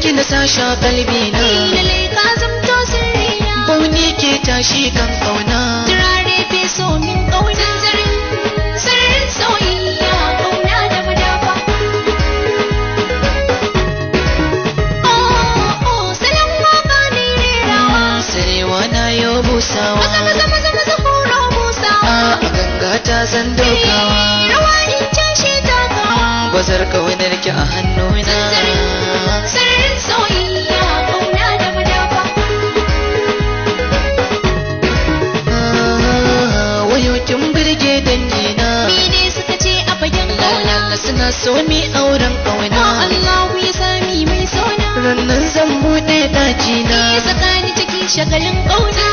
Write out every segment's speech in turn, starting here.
ki na sasha kalbi na lalle ka zamto sirriya bauni ke tashi kan kauna turare fi so min kauna zarin sirrin soyayya kauna da madafa oh oh salon waka ne rerawa sarewa na yo busawa maza maza maza maza hura busawa a ganga ta zan eh, dokawa rawa in ce shi takawa bazar ka suna so mi auren ƙauna oh, Allahu ya sami mai sona rannan zan buɗe daji na ni tsakani cikin shagalin ƙauna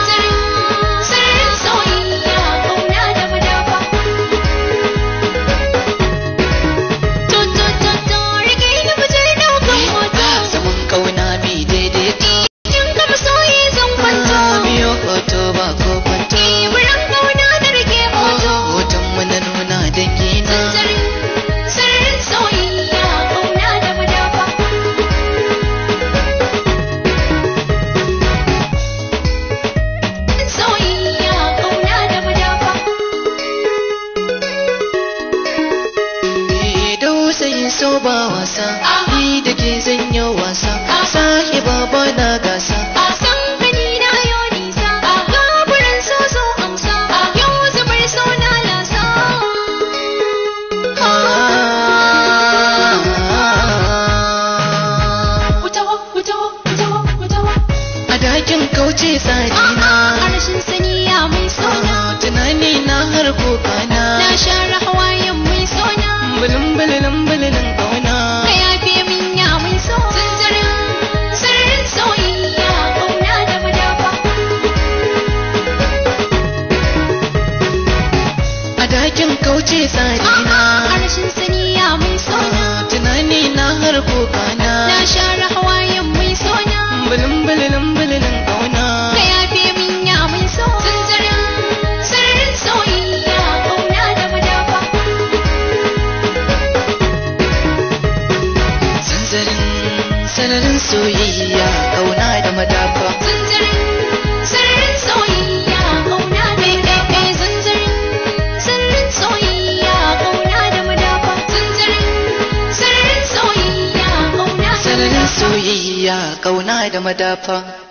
so ba wasa ni da ke zan yi wasa sahiba ba na gasa san gani na yo nisa yau zubar a dakin kauce tsari a rashin sani ya mai sona ah, tunani na har kokana Dakin kauce tsarina harshen sani ya mai sona tunani na har kokana na share hawayen mai sona bulin bulun bulin kauna ka yafe min ya mai sona zara sirrin soyayya kauna da madafa tunzarin sararin soyayya soyayya kauna da madafa